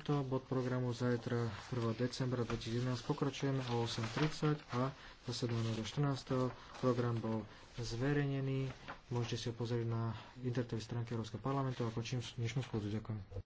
tento bod programu zajtra 1. decembra 2011 pokračujeme o 8.30 a zasedáme do 14. Program bol zverejnený. Môžete si ho pozrieť na internetovej stránke Európskeho parlamentu a končím dnešnú schôdzu. Ďakujem.